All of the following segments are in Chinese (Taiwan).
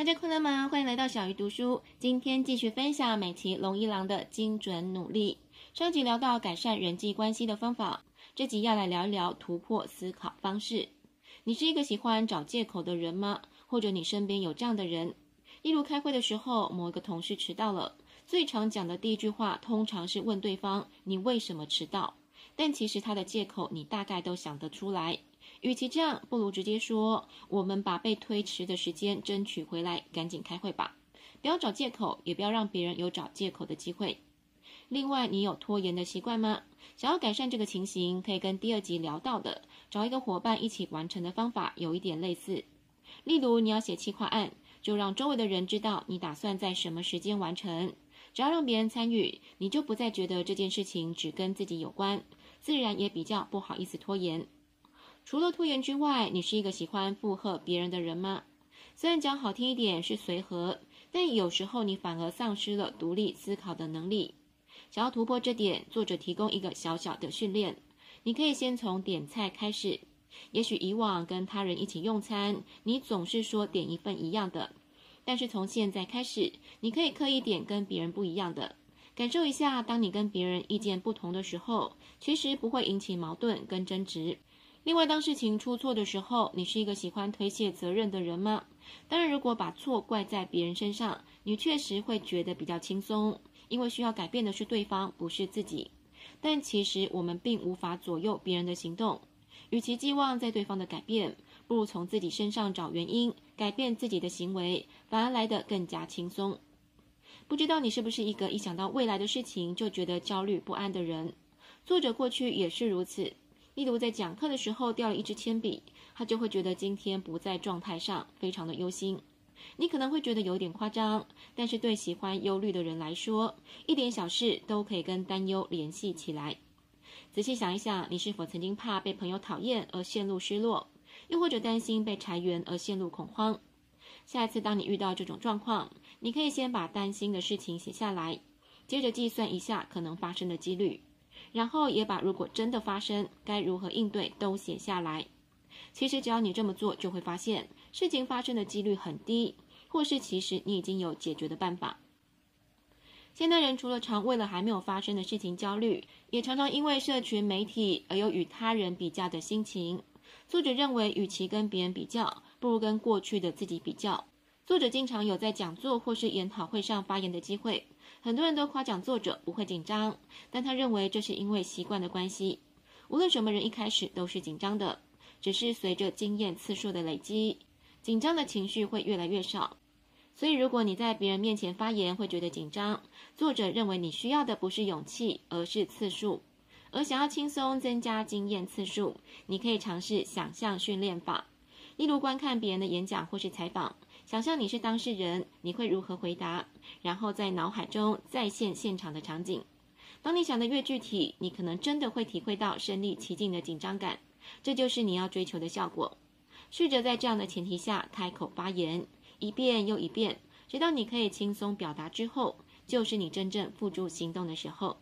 大家快樂嗎？歡迎來到小魚讀書。今天繼續分享美崎榮一郎的精準努力。上集聊到改善人際關係的方法，這集要來聊一聊突破思考方式。你是一個喜歡找借口的人嗎？或者你身邊有這樣的人？例如開會的時候，某一個同事遲到了，最常講的第一句話通常是問對方：“你為什麼遲到？”但其實他的借口，你大概都想得出來。與其這樣，不如直接說：“我們把被推遲的時間爭取回來，趕緊開會吧！不要找借口，也不要讓別人有找借口的機會。”另外，你有拖延的習慣嗎？想要改善這個情形，可以跟第二集聊到的找一個夥伴一起完成的方法有一點類似。例如，你要寫企劃案，就讓周圍的人知道你打算在什麼時間完成。只要讓別人參與，你就不再覺得這件事情只跟自己有關，自然也比較不好意思拖延。除了拖延之外，你是一個喜歡附和別人的人嗎？雖然講好聽一點是隨和，但有時候你反而喪失了獨立思考的能力。想要突破這點，作者提供一個小小的訓練：你可以先從點菜開始。也許以往跟他人一起用餐，你總是說點一份一樣的，但是從現在開始，你可以刻意點跟別人不一樣的，感受一下，當你跟別人意見不同的時候，其實不會引起矛盾跟爭執。另外，當事情出錯的時候，你是一個喜歡推卸責任的人嗎？當然，如果把錯怪在別人身上，你確實會覺得比較輕鬆，因為需要改變的是對方，不是自己。但其實我們並無法左右別人的行動，與其寄望在對方的改變，不如從自己身上找原因，改變自己的行為，反而來得更加輕鬆。不知道你是不是一個一想到未來的事情就覺得焦慮不安的人？作者過去也是如此。例如，在講課的時候掉了一支鉛筆，他就會覺得今天不在狀態上，非常的憂心。你可能會覺得有點誇張，但是對喜歡憂慮的人來說，一點小事都可以跟擔憂聯繫起來。仔細想一想，你是否曾經怕被朋友討厭而陷入失落，又或者擔心被裁員而陷入恐慌？下一次當你遇到這種狀況，你可以先把擔心的事情寫下來，接着計算一下可能發生的幾率。然後也把如果真的發生該如何應對都寫下來。其實只要你這麼做，就會發現事情發生的幾率很低，或是其實你已經有解決的辦法。現代人除了常為了還沒有發生的事情焦慮，也常常因為社群媒體而有與他人比較的心情。作者認為，與其跟別人比較，不如跟過去的自己比較。作者經常有在講座或是研討會上發言的機會，很多人都誇獎作者不會緊張，但他認為這是因為習慣的關係。無論什麼人，一開始都是緊張的，只是隨着經驗次數的累積，緊張的情緒會越來越少。所以，如果你在別人面前發言會覺得緊張，作者認為你需要的不是勇氣，而是次數。而想要輕鬆增加經驗次數，你可以嘗試想象訓練法，例如觀看別人的演講或是採訪。想象你是當事人，你會如何回答？然後在腦海中再現現場的場景。當你想得越具體，你可能真的會體會到身臨其境的緊張感。這就是你要追求的效果。試着在這樣的前提下開口發言，一遍又一遍，直到你可以輕鬆表達之後，就是你真正付諸行動的時候。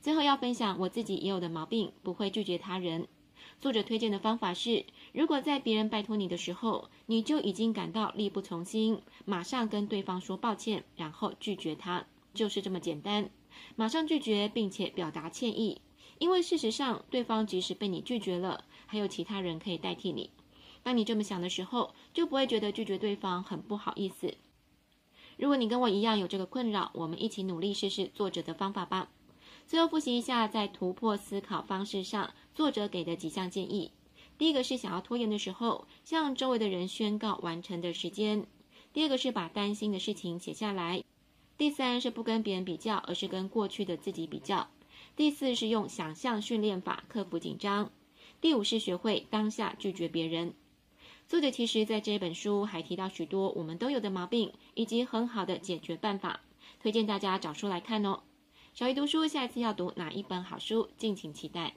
最後要分享我自己也有的毛病：不會拒絕他人。作者推薦的方法是：如果在別人拜托你的時候，你就已經感到力不從心，馬上跟對方說抱歉，然後拒絕他，就是這麼簡單。馬上拒絕，並且表達歉意，因為事實上，對方即使被你拒絕了，還有其他人可以代替你。當你這麼想的時候，就不會覺得拒絕對方很不好意思。如果你跟我一樣有這個困擾，我們一起努力試試作者的方法吧。最後複習一下，在突破思考方式上，作者給的幾項建議：第一個是想要拖延的時候，向周圍的人宣告完成的時間；第二個是把擔心的事情寫下來；第三是不跟別人比較，而是跟過去的自己比較；第四是用想象訓練法克服緊張；第五是學會當下拒絕別人。作者其實在這本書還提到許多我們都有的毛病，以及很好的解決辦法，推薦大家找書來看哦。小魚讀書，下一次要讀哪一本好書？敬請期待。